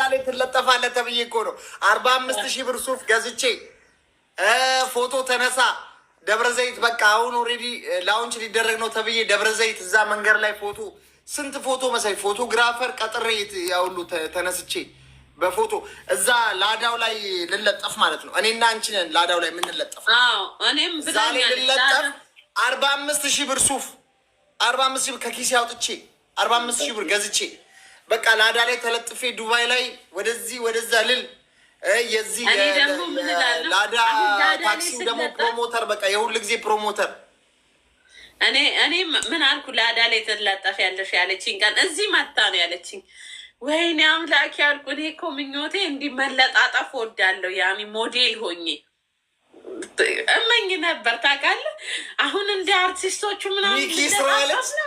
ላይ ትለጠፋለህ ተብዬ እኮ ነው። አርባ አምስት ሺህ ብር ሱፍ ገዝቼ ፎቶ ተነሳ ደብረ ዘይት በቃ አሁን ኦልሬዲ ላውንች ሊደረግ ነው ተብዬ ደብረ ዘይት እዛ መንገድ ላይ ፎቶ ስንት ፎቶ መሳይ ፎቶግራፈር ቀጥሬ ያውሉ ተነስቼ በፎቶ እዛ ላዳው ላይ ልለጠፍ ማለት ነው። እኔና አንቺ ነን ላዳው ላይ የምንለጠፍ። እዛ ልለጠፍ አርባ አምስት ሺህ ብር ሱፍ አርባ አምስት ሺህ ብር ከኪሴ አውጥቼ አርባ አምስት ሺህ ብር ገዝቼ በቃ ላዳ ላይ ተለጥፌ ዱባይ ላይ ወደዚህ ወደዛ ልል የዚህ ላዳ ታክሲም ደግሞ ፕሮሞተር በቃ የሁሉ ጊዜ ፕሮሞተር እኔ እኔ ምን አልኩ? ላዳ ላይ ተላጣፊ ያለሽ ያለችኝ ቀን እዚህ መታ ነው ያለችኝ። ወይኔ አምላክ ያልኩ። እኔ እኮ ምኞቴ እንዲመለጣጠፍ ወዳለሁ። ያኔ ሞዴል ሆኜ እመኝ ነበር ታውቃለህ። አሁን እንደ አርቲስቶቹ ምናምን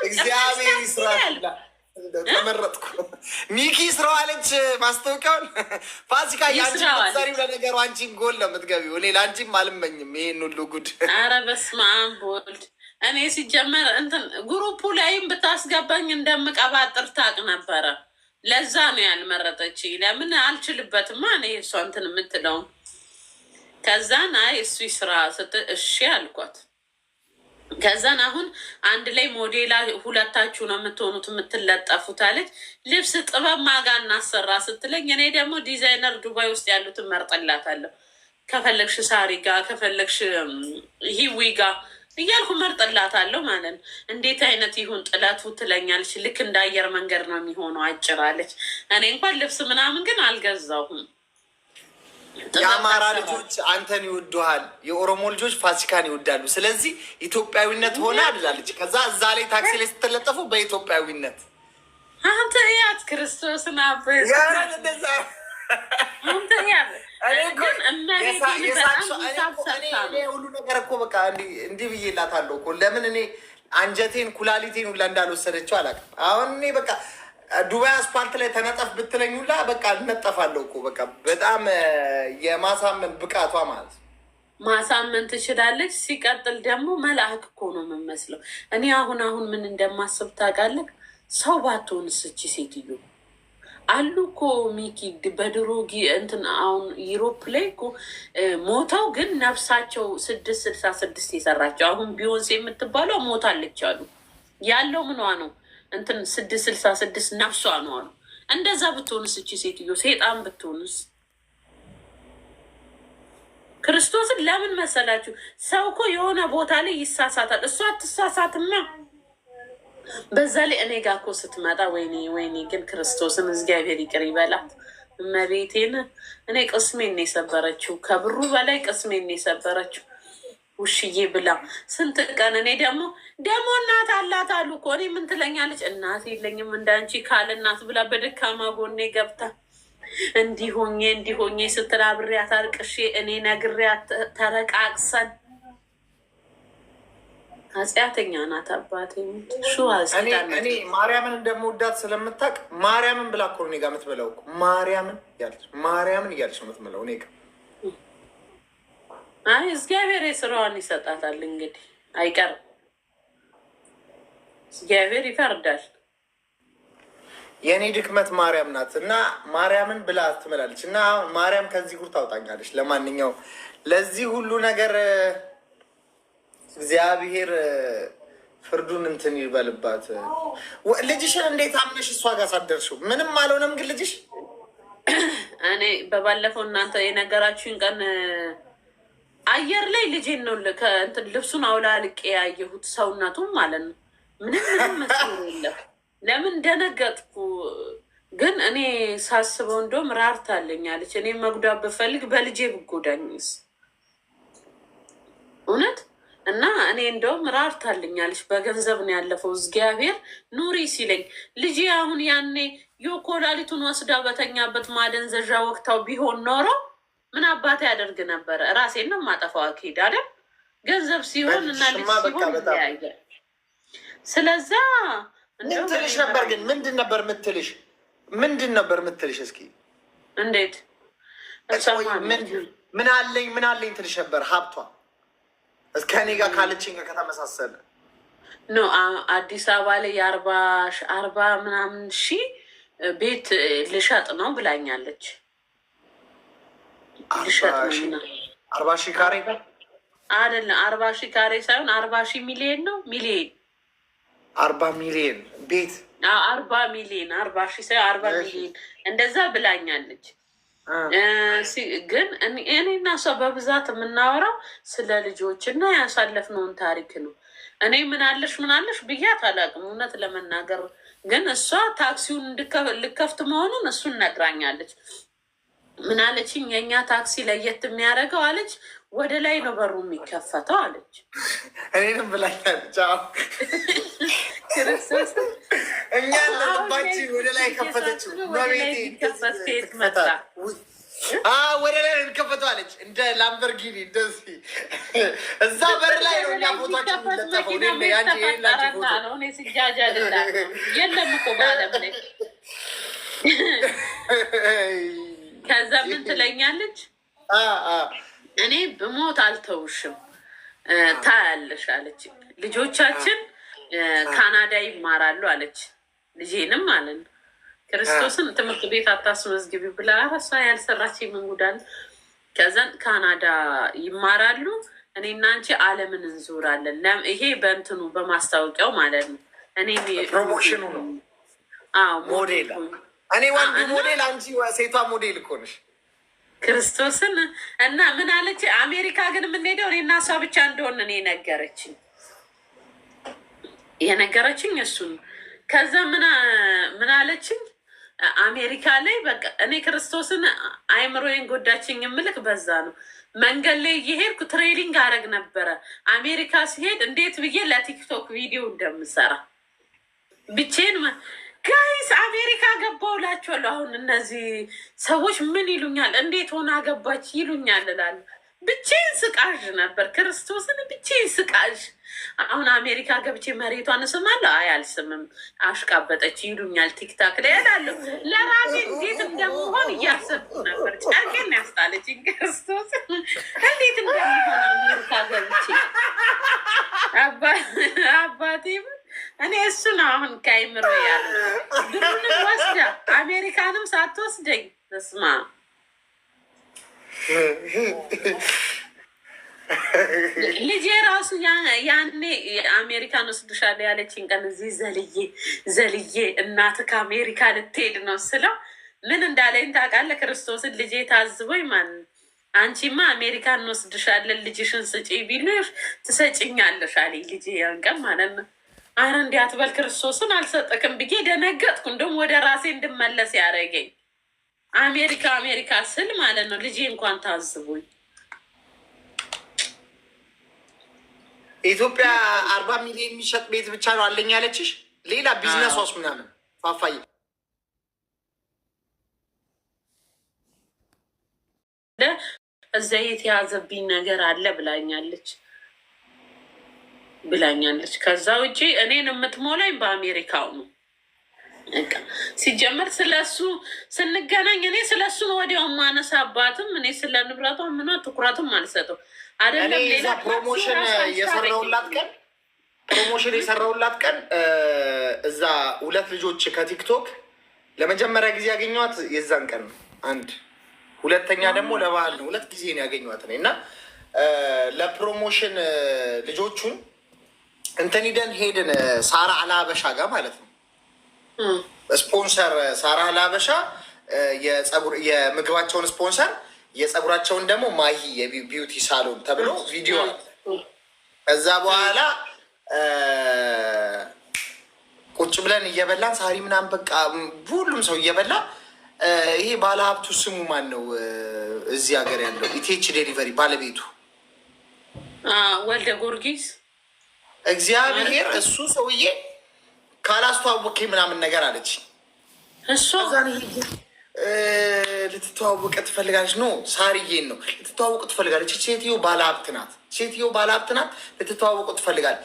እግዚአብሔር ይስራል ተመረጥኩ። ሚኪ ስራዋለች ማስታወቂያውን ፋሲካ ያንቺ ለነገሩ አንቺን ጎል ለምትገቢ እኔ ለአንቺም አልመኝም። ይሄን ሁሉ ጉድ አረ በስመ አብ በወልድ እኔ ሲጀመር እንትን ግሩፑ ላይም ብታስገባኝ እንደምቀባጥር ታውቅ ነበረ። ለዛ ነው ያልመረጠች። ለምን አልችልበትማ እኔ እሷ እንትን የምትለውም ከዛን አይ እሱ ስራ ስት እሺ አልኳት። ከዛን አሁን አንድ ላይ ሞዴላ ሁለታችሁ ነው የምትሆኑት የምትለጠፉት አለች። ልብስ ጥበብ ማጋ እናሰራ ስትለኝ እኔ ደግሞ ዲዛይነር ዱባይ ውስጥ ያሉትን መርጠላታለሁ። ከፈለግሽ ሳሪ ጋ ከፈለግሽ ሂዊ ጋ እያልኩ አለሁ ማለት ነው። እንዴት አይነት ይሁን ጥለቱ ትለኛለች። ልክ እንደ አየር መንገድ ነው የሚሆነው አጭር አለች። እኔ እንኳን ልብስ ምናምን ግን አልገዛሁም። የአማራ ልጆች አንተን ይወዱሃል፣ የኦሮሞ ልጆች ፋሲካን ይወዳሉ። ስለዚህ ኢትዮጵያዊነት ሆነ አድላለች። ከዛ እዛ ላይ ታክሲ ላይ ስትለጠፉ በኢትዮጵያዊነት አንተ ያት ክርስቶስን ሁሉ ነገር እኮ በቃ እንዲህ ብዬ እኮ ለምን እኔ አንጀቴን ኩላሊቴን ሁላ እንዳልወሰደችው አላውቅም። አሁን እኔ በቃ ዱባይ አስፓልት ላይ ተነጠፍ ብትለኝ ሁላ በቃ እነጠፋለሁ እኮ በቃ በጣም የማሳመን ብቃቷ ማለት ነው። ማሳመን ትችላለች። ሲቀጥል ደግሞ መልአክ እኮ ነው የምመስለው። እኔ አሁን አሁን ምን እንደማስብ ታውቃለህ? ሰው ባትሆን ስች ሴትዮ አሉ እኮ ሚኪ በድሮ እንትን አሁን ዩሮፕ ላይ እኮ ሞተው ግን ነፍሳቸው ስድስት ስልሳ ስድስት የሰራቸው አሁን ቢዮንሴ የምትባለው ሞታለች አሉ ያለው ምኗ ነው እንትን ስድስት ስልሳ ስድስት ነፍሷ ነው አሉ። እንደዛ ብትሆንስ እቺ ሴትዮ ሴጣን ብትሆንስ? ክርስቶስን ለምን መሰላችሁ? ሰው እኮ የሆነ ቦታ ላይ ይሳሳታል። እሷ አትሳሳትማ። በዛ ላይ እኔ ጋ እኮ ስትመጣ ወይኔ ወይኔ፣ ግን ክርስቶስን እግዚአብሔር ይቅር ይበላት። እመቤቴን እኔ ቅስሜን የሰበረችው ከብሩ በላይ ቅስሜን የሰበረችው ውሽዬ ብላ ስንት ቀን እኔ ደግሞ ደግሞ እናት አለ ይመጣሉ እኮ እኔ ምን ትለኛለች? እናት የለኝም እንዳንቺ ካለ እናት ብላ በደካማ ጎኔ ገብታ እንዲሆኜ እንዲሆኜ ስትል አብሬያት አልቅሼ እኔ ነግሬያት ተረቃቅሰን ኃጢአተኛ ናት። አባት እኔ ማርያምን እንደምወዳት ስለምታውቅ ማርያምን ብላ እኮ እኔ ጋር የምትበላው ማርያምን እያለች ማርያምን እያለች ነው የምትበላው። እኔ ጋ አይ እግዚአብሔር የስራዋን ይሰጣታል። እንግዲህ አይቀርም እግዚአብሔር ይፈርዳል። የእኔ ድክመት ማርያም ናት እና ማርያምን ብላ ትምላለች እና ማርያም ከዚህ ጉር ታውጣኛለች። ለማንኛው ለዚህ ሁሉ ነገር እግዚአብሔር ፍርዱን እንትን ይበልባት። ልጅሽን እንዴት አምነሽ እሷ ጋር ሳደርሽው? ምንም አልሆነም። ግን ልጅሽ እኔ በባለፈው እናንተ የነገራችሁን ቀን አየር ላይ ልጄን ነው ልብሱን አውላልቄ ያየሁት ሰውነቱም ማለት ነው ምንም ምንም መስሎ የለም። ለምን ደነገጥኩ? ግን እኔ ሳስበው እንደውም ራርታለኝ አለች። እኔ መጉዳት ብፈልግ በልጄ ብጎዳኝስ እውነት እና እኔ እንደውም ራርታልኛለች። በገንዘብ ነው ያለፈው። እግዚአብሔር ኑሪ ሲለኝ ልጄ አሁን ያኔ የኮላሊቱን ወስዳ በተኛበት ማደንዘዣ ወቅታው ቢሆን ኖሮ ምን አባታ ያደርግ ነበረ? ራሴን ነው ማጠፋው። አካሄድ አይደል ገንዘብ ሲሆን እና ልጅ ሲሆን ይለያያል። ስለዛ ምን ትልሽ ነበር? ግን ምንድን ነበር ምትልሽ? ምንድን ነበር ምትልሽ? እስኪ እንዴት ምን አለኝ ምን አለኝ ትልሽ ነበር? ሀብቷ ከኔ ጋር ካለችኝ ጋር ከተመሳሰለ ኖ አዲስ አበባ ላይ የአርባ አርባ ምናምን ሺ ቤት ልሸጥ ነው ብላኛለች። አርባ ሺ ካሬ አይደለም፣ አርባ ሺ ካሬ ሳይሆን አርባ ሺ ሚሊየን ነው ሚሊየን አርባ ሚሊዮን ቤት አርባ ሚሊዮን አርባ ሺ ሰው አርባ ሚሊዮን እንደዛ ብላኛለች። ግን እኔና እሷ በብዛት የምናወራው ስለ ልጆች እና ያሳለፍነውን ታሪክ ነው። እኔ ምናለሽ ምናለሽ ብያት አላውቅም እውነት ለመናገር ግን እሷ ታክሲውን ልከፍት መሆኑን እሱን ነግራኛለች። ምን አለችኝ? የእኛ ታክሲ ለየት የሚያደርገው አለች ወደ ላይ ነው በሩ የሚከፈተው አለች። እኔንም ብላኛለች። ክርስቶስ ለልባችን ወደ ላይ ከፈተችው። ወደ ላይ አለች። እንደ ላምበርጊኒ እንደዚህ እዛ በር ላይ ነው። እኛ ቦታችን ነው። እኔ የለም እኮ ላይ ከዛ ምን ትለኛለች? እኔ ብሞት አልተውሽም ታያለሽ አለች ልጆቻችን ካናዳ ይማራሉ አለች። ልጄንም ማለት ክርስቶስን ትምህርት ቤት አታስመዝግቢ ብላ እሷ ያልሰራች መንጉዳል። ከዛን ካናዳ ይማራሉ። እኔና አንቺ አለምን እንዞራለን። ይሄ በእንትኑ በማስታወቂያው ማለት ነው። እኔ ፕሮሞሽኑ ነው። ሞዴል እኔ ወንዱ ሞዴል፣ አንቺ ሴቷ ሞዴል እኮ ነሽ። ክርስቶስን እና ምን አለች? አሜሪካ ግን የምንሄደው እኔና እሷ ብቻ እንደሆነ እኔ ነገረችኝ። የነገረችኝ እሱን ከዛ ምን አለችኝ አሜሪካ ላይ በቃ እኔ ክርስቶስን አይምሮዬን ጎዳችኝ። የምልክ በዛ ነው መንገድ ላይ እየሄድኩ ትሬዲንግ አደረግ ነበረ። አሜሪካ ሲሄድ እንዴት ብዬ ለቲክቶክ ቪዲዮ እንደምሰራ ብቼን ጋይስ አሜሪካ ገባሁ እላቸዋለሁ። አሁን እነዚህ ሰዎች ምን ይሉኛል? እንዴት ሆና ገባች ይሉኛል እላለሁ። ብቼን ስቃዥ ነበር ክርስቶስን ብቼን ስቃዥ አሁን አሜሪካ ገብቼ መሬቷን እስማለሁ። አይ አልስምም፣ አሽቃበጠች ይሉኛል። ቲክታክ ላይ እሄዳለሁ። ለራሴ እንዴት እንደምሆን እያሰብኩ ነበር። ጨርቄን ያስጣለች ክርስቶስ፣ እንዴት እንደምሆን አሜሪካ ገብቼ አባቴ እኔ እሱ ነው አሁን ከአይምሮ ያለ ብሩንም ወስዳ አሜሪካንም ሳትወስደኝ እስማ ልጄ ራሱ ያኔ አሜሪካ ነው ስዱሻለ ያለችን ቀን እዚህ ዘልዬ ዘልዬ እናት ከአሜሪካ ልትሄድ ነው ስለው ምን እንዳለኝ ታውቃለህ? ክርስቶስን ልጄ ታዝቦኝ ማን አንቺማ አሜሪካን እንወስድሻለን ልጅሽን ስጪ ቢልሽ ትሰጭኛለሽ አለኝ። ልጄ ያን ቀን ማለት ነው። አረ እንዲህ አትበል ክርስቶስን አልሰጠክም ብዬ ደነገጥኩ። እንደውም ወደ ራሴ እንድመለስ ያደረገኝ አሜሪካ አሜሪካ ስል ማለት ነው። ልጄ እንኳን ታዝቦኝ ኢትዮጵያ አርባ ሚሊዮን የሚሸጥ ቤት ብቻ ነው አለኝ ያለችሽ። ሌላ ቢዝነስ ዋስ ምናምን ፋፋይ እዛ የተያዘብኝ ነገር አለ ብላኛለች ብላኛለች። ከዛ ውጪ እኔን የምትሞላኝ በአሜሪካው ነው። ሲጀመር ስለሱ ስንገናኝ እኔ ስለሱ ወዲያው ማነሳባትም እኔ ስለ ንብረቷ ምኗ ትኩረትም አልሰጠው አይደለም። ፕሮሞሽን የሰራውላት ቀን ፕሮሞሽን የሰራውላት ቀን እዛ ሁለት ልጆች ከቲክቶክ ለመጀመሪያ ጊዜ ያገኘዋት የዛን ቀን ነው። አንድ ሁለተኛ ደግሞ ለበዓል ነው። ሁለት ጊዜ ነው ያገኘዋት እኔ እና ለፕሮሞሽን ልጆቹን እንትን ሂደን ሄድን ሳራ አላበሻ ጋር ማለት ነው ስፖንሰር ሳራ ላበሻ የምግባቸውን ስፖንሰር የፀጉራቸውን ደግሞ ማሂ የቢዩቲ ሳሎን ተብሎ ቪዲዮ ከዛ በኋላ ቁጭ ብለን እየበላን ሳሪ ምናምን በቃ ሁሉም ሰው እየበላ ይሄ ባለሀብቱ ስሙ ማን ነው? እዚህ ሀገር ያለው ኢቴች ዴሊቨሪ ባለቤቱ ወልደ ጎርጊስ እግዚአብሔር እሱ ሰውዬ ካላስተዋወቅ ምናምን ነገር አለች። ልትተዋወቀ ትፈልጋለች። ኖ ሳርዬን ነው ልትተዋወቁ ትፈልጋለች። ሴትዮ ባለሀብት ናት። ሴትዮ ባለሀብት ናት። ልትተዋወቁ ትፈልጋል።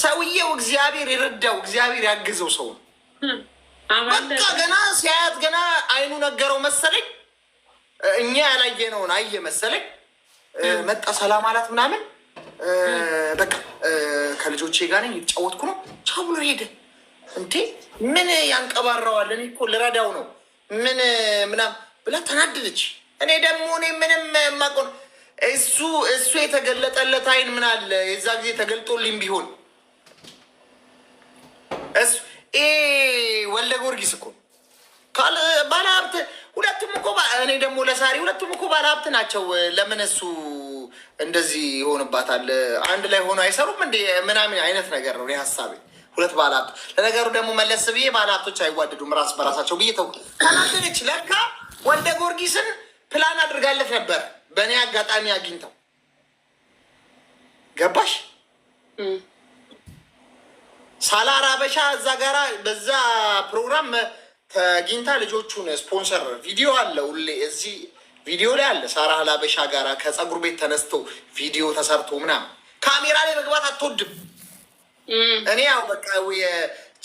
ሰውየው እግዚአብሔር የረዳው እግዚአብሔር ያግዘው ሰው ነው። በቃ ገና ሲያያት ገና አይኑ ነገረው መሰለኝ። እኛ ያላየነውን አየ መሰለኝ። መጣ ሰላም አላት ምናምን። በቃ ከልጆቼ ጋር ነኝ የተጫወትኩ ነው ቻው ብሎ ሄደ። እንዴ ምን ያንቀባረዋል? እኔ እኮ ልረዳው ነው ምን ምናምን ብላ ተናድድች። እኔ ደግሞ እኔ ምንም የማውቀው እሱ እሱ የተገለጠለት አይን ምን አለ የዛ ጊዜ ተገልጦልኝ ቢሆን እሱ ወልደ ጊዮርጊስ እኮ ሀብት ሁለቱም እኮ እኔ ደግሞ ለሳሪ ሁለቱም እኮ ባለሀብት ናቸው። ለምን እሱ እንደዚህ ይሆንባታል? አንድ ላይ ሆኖ አይሰሩም እንዴ ምናምን አይነት ነገር ነው ሀሳቤ። ሁለት ባላት ለነገሩ ደግሞ መለስ ብዬ ባላቶች አይዋደዱም ራስ በራሳቸው ብዬ ተው ተናደደች። ለካ ወልደ ጊዮርጊስን ፕላን አድርጋለት ነበር በእኔ አጋጣሚ አግኝተው ገባሽ ሳላር አበሻ እዛ ጋራ በዛ ፕሮግራም ተግኝታ ልጆቹን ስፖንሰር ቪዲዮ አለ ሁሌ እዚህ ቪዲዮ ላይ አለ። ሳራ ላበሻ ጋራ ከፀጉር ቤት ተነስቶ ቪዲዮ ተሰርቶ ምናምን ካሜራ ላይ መግባት አትወድም። እኔ ያው በቃ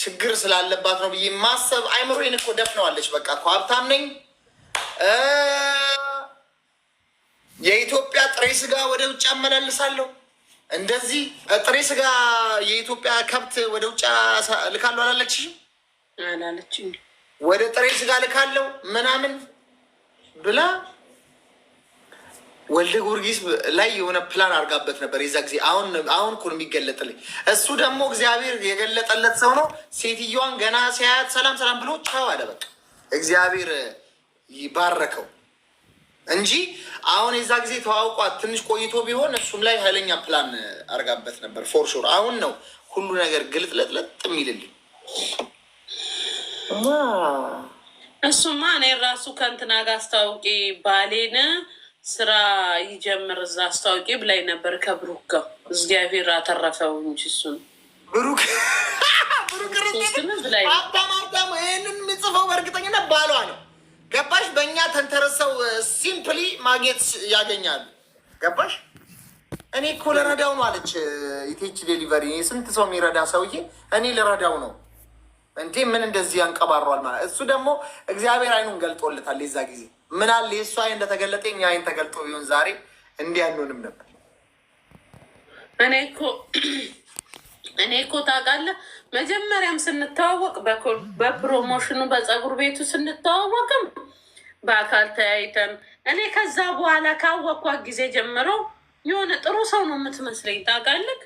ችግር ስላለባት ነው ብዬ ማሰብ አይምሮዬን እኮ ደፍነዋለች። በቃ እኮ ሀብታም ነኝ የኢትዮጵያ ጥሬ ስጋ ወደ ውጭ አመላልሳለሁ እንደዚህ ጥሬ ስጋ የኢትዮጵያ ከብት ወደ ውጭ ልካለሁ አላለችሽም? ወደ ጥሬ ስጋ ልካለሁ ምናምን ብላ ወልደ ጊዮርጊስ ላይ የሆነ ፕላን አድርጋበት ነበር የዛ ጊዜ። አሁን አሁን እኮ ነው የሚገለጥልኝ። እሱ ደግሞ እግዚአብሔር የገለጠለት ሰው ነው። ሴትዮዋን ገና ሲያያት ሰላም ሰላም ብሎ ቻው አለ። በቃ እግዚአብሔር ይባረከው እንጂ አሁን የዛ ጊዜ ተዋውቋት ትንሽ ቆይቶ ቢሆን እሱም ላይ ኃይለኛ ፕላን አድርጋበት ነበር ፎር ሹር። አሁን ነው ሁሉ ነገር ግልጥለጥለጥ የሚልልኝ። እሱማ እኔ ራሱ ከእንትና ጋር አስታውቂ ባሌን ስራ ይጀምር እዛ አስታወቂ ብላይ ነበር ከብሩክ ጋር እግዚአብሔር አተረፈው እንጂ እሱን ብሩክ ብሩክ ይህንን የሚጽፈው በእርግጠኝነት ባሏ ነው። ገባሽ? በእኛ ተንተረሰው ሲምፕሊ ማግኘት ያገኛሉ። ገባሽ? እኔ እኮ ልረዳው ነው አለች። ኢቴች ዴሊቨሪ ስንት ሰው የሚረዳ ሰውዬ እኔ ልረዳው ነው እንቲ ምን እንደዚህ ያንቀባሯል ማለት እሱ ደግሞ እግዚአብሔር አይኑን ገልጦለታል። የዛ ጊዜ ምን የእሱ አይን እንደተገለጠ እኛ አይን ተገልጦ ቢሆን ዛሬ እንዲህ ያንሆንም ነበር። እኔ እኮ እኔ እኮ ታውቃለህ፣ መጀመሪያም ስንተዋወቅ በፕሮሞሽኑ በፀጉር ቤቱ ስንተዋወቅም በአካል ተያይተን እኔ ከዛ በኋላ ካወቅኳት ጊዜ ጀምሮ የሆነ ጥሩ ሰው ነው የምትመስለኝ ታውቃለህ።